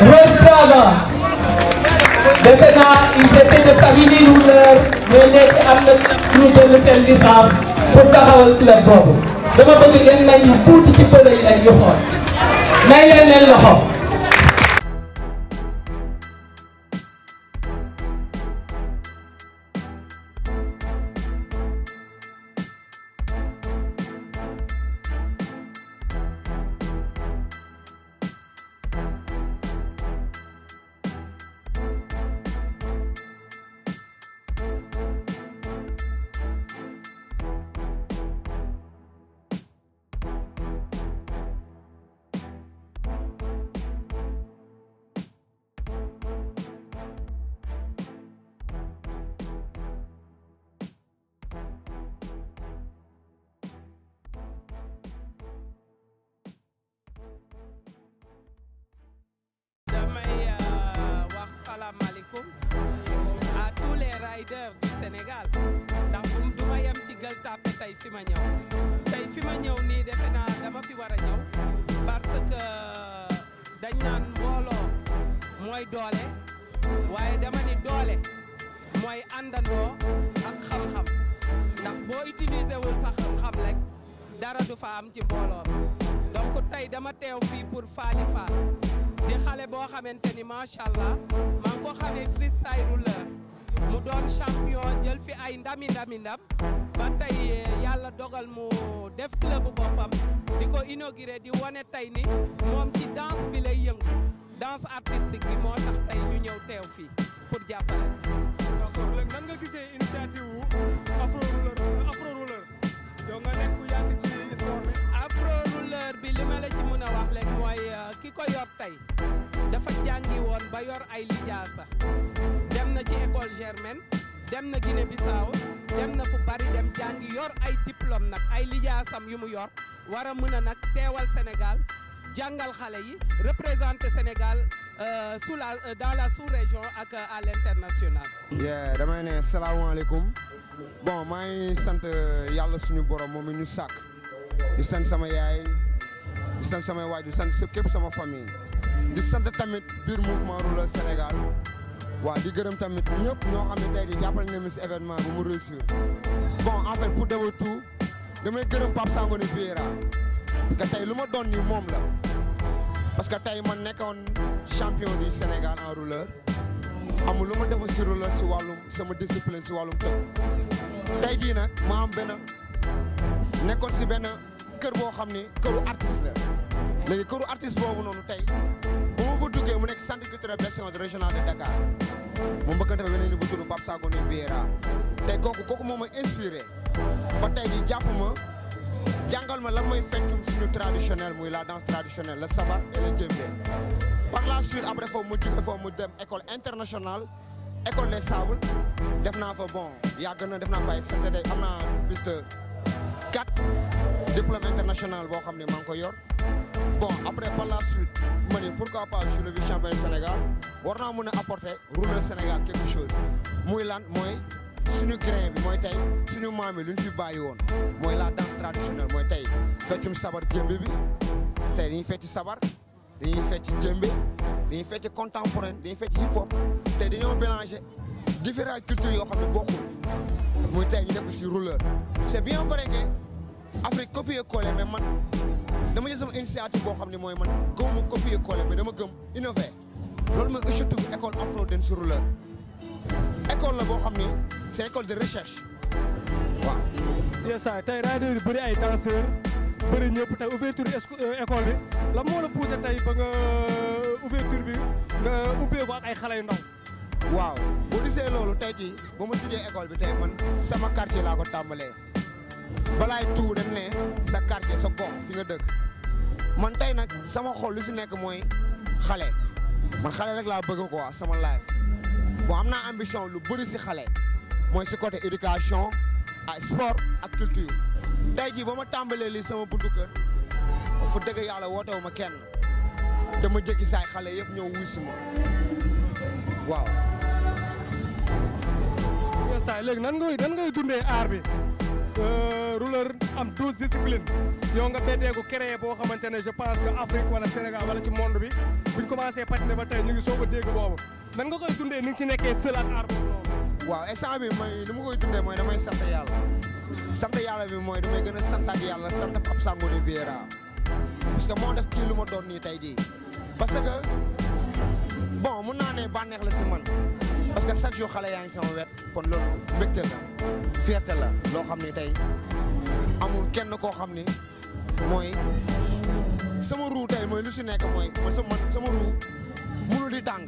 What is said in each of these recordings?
Rostraga defe naa ils étaient de famille Louleur mais léegi am na ñu jël seen licence pour taxawal club boobu dama bëgg ngeen nañu tuuti ci pël yi rek ñu xool may leen ko à tous les riders du Sénégal ndax um du yem ci Gueule Tapée tey fi ma ñëw tey fi ma ñëw nii defe naa dama fi war a ñëw parce que euh, dañ naan mbooloo mooy doole waaye dama ni doole mooy àndandoo ak xam-xam ndax boo utiliser sa xam-xam rek dara du fa am ci mbooloo donc tey dama teew fii pour Faly Fall di xale boo xamante ni macha allah ko xamee freestyle la mu doon champion jël fi ay ndami ndami ndam ba tey eh, yàlla dogal mu def club boppam di ko inauguré di wane tey ni moom ci danse bi lay yëngu danse artistique bi moo tax tey ñu ñëw teew fii pour jàppale. nan nga gisee initiative afro rouleur afro nga nekk ku ci sport bi. afro rouleur bi li ma la ci mën wax léegi mooy eh, ki ko yor tey. dafa jàngi woon ba yor ay lijaasa dem na ci école germaine dem na Guinée Bissau dem na fu bari dem jàngi yor ay diplôme nag ay lijaasam yu mu yor war a mën a nag teewal Sénégal jàngal xale yi représenter Sénégal euh, sous la euh, dans la sous-région ak euh, à l'international. damay ne salaamaaleykum bon maa sant yàlla suñu borom moom ñu sàkk di sant sama yaay di sant samay waaj sama famille. di sant tamit biir mouvement Rural Sénégal waaw di gërëm tamit ñëpp ñoo xam ne tey di jàppale nañu si événement bi mu réussir bon en fait pour dema tout damay gërëm Pape Sangone Vieira parce que lu ma doon ni moom la parce que tey man nekkoon champion du Sénégal en rouleur amul lu ma defa si rouleur si wàllum sama discipline si wàllum tëb tey jii nag ma am benn nekkoon si benn kër boo xam ni këru artiste la léegi këru artiste boobu noonu tey bu ma fa duggee mu nekk centre culturel bastion de régional de Dakar mu mbëkkante fa beneen bu tudd Pape Sagone Vieira tey kooku kooku moo ma inspiré ba tey jàpp ma jàngal ma la mooy feccum suñu traditionnel muy la danse traditionnelle le sabar et le djembé par la suite après foofu mu jóge foofu mu dem école internationale école des sables def naa fa bon yàgg na def naa fa ay santé am naa plus de quatre diplôme international boo xam ne maa ngi ko yor bon après par la suite ma ni pourquoi pas je suis le vice champion du Sénégal war naa mën a apporter rural Sénégal quelque chose muy lan mooy suñu grain bi mooy tey suñu maam yi lu ñu fi bàyyi woon mooy la danse traditionnelle mooy tey feccum sabar jëmbe bi tey dañuy fecci sabar dañuy fecci jëmbe dañuy fecci contemporain dañuy fecci hip hop tey dañoo mélanger différentes cultures yoo xam ne bokkul muy tey ñu def si rouleur c'est bien vrai que Afrique copier coller mais man dama jël sama initiative boo xam ne mooy man gëmuma copier coller mais dama gëm innover loolu mooy objectif la boo xam ni c'est école de bi bëri ñëpp tey ouverture euh, école bi la euh, bi ay xale yu ndaw. waaw bu loolu tey jii ma école bi tey man sama quartier laa ko tàmbalee. balaay tout dem ne sa quartier sa gox fi nga dëkk man tey nag sama xol lu si nekk mooy xale man xale rek laa bëgg quoi sama life bon am naa ambition lu bëri si xale mooy si côté éducation ak sport ak culture tey jii ba ma tàmbalee lii sama buntu kër fu dëgg yàlla wootewu ma kenn dama jëkki saay xale yëpp ñëw wuy si ma waaw. saay léegi nan nan ngay dundee aar bi. Euh, rouleur am douze discipline yow nga beddeeku créé boo xamante ne je pense que Afrique wala Sénégal wala ci monde bi buñ commencé patiner ba tey ñu ngi soog a dégg boobu nan nga koy dundee ni nga ci nekkee seul ak aar boobu waaw instant bi mooy li koy dundee mooy damay sant yàlla sant yàlla bi mooy damay gën a santaat yàlla sant Pape Sango de Vieira parce que moo def kii lu ma doon nii tey jii parce que bon mun naa ne la si man parce que chaque jour xale yaa ngi sama wet kon loolu mbégte la fierté la loo xam ne tey amul kenn koo xam ni mooy sama ruu tey mooy lu si nekk mooy man sama sama ruu mënul di tàng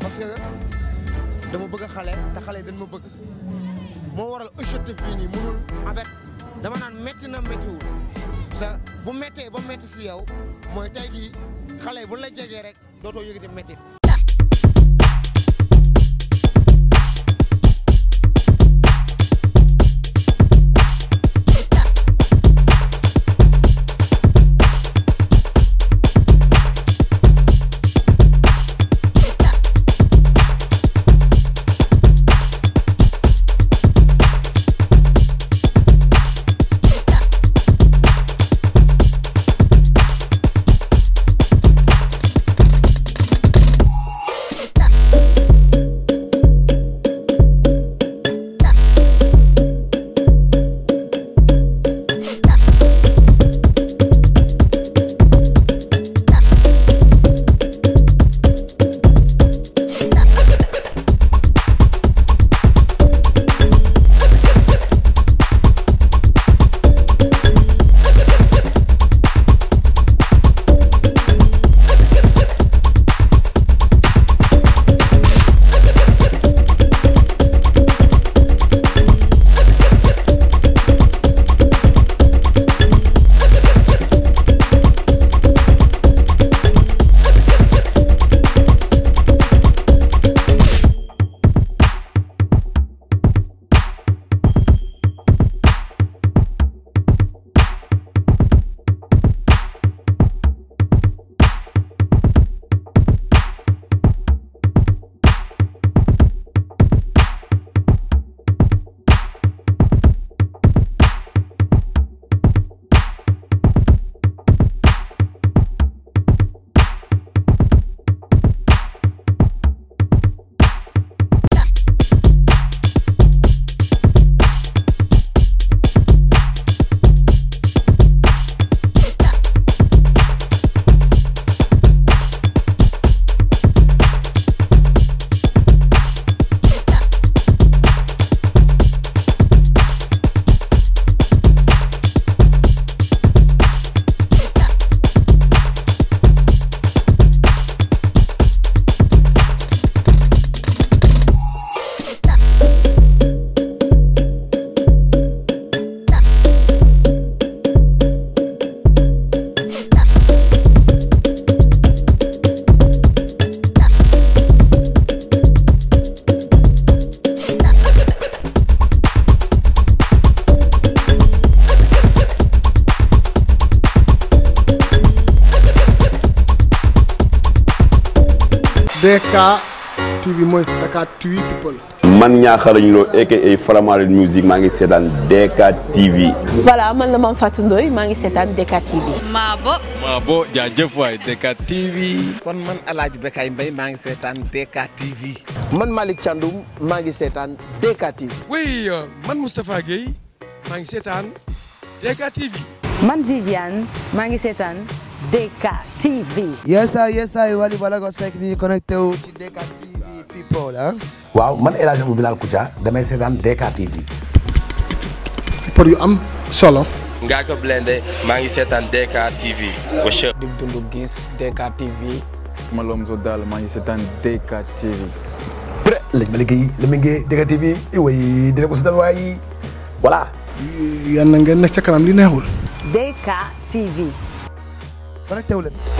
parce que dama bëgg xale te xale dañ ma bëgg moo waral objectif bii nii mënul avec dama naan métti na méttiwul sa bu méttee ba métti si yow mooy tey jii xale bu la jegee rek dootoo yëgati métti DKTV mooy DKTV people. man ñaaxarañ loo aka ay Faramareen musique maa ngi seetaan DKTV. voilà man la Mame Fatou Ndoye maa ngi seetaan DKTV. Maabo. Maabo jaajëf waay DKTV. kon man El Hadj Bekay Mbaye maa ngi seetaan DKTV. man Malick Thiandoum maa ngi seetaan DKTV. oui euh, man Moustapha Guèye maa ngi seetaan DKTV. man Viviane maa ngi seetaan. DK TV. yes ay yes ay Wally Ballago Seck bi connecté wu ci DK TV people ah. waaw man El Hadj Abou Bilal Koutia damay seetaan pour yu am solo. nga ko blende maa ngi seetaan DK TV. di dundu gis DK TV. Malom zo daal maa ngi seetaan DK TV. pré lañ ma liggéey la ma way dina ko seetaan waay voilà. yàlla na ngeen kanam li neexul. DK TV. connecté wu leen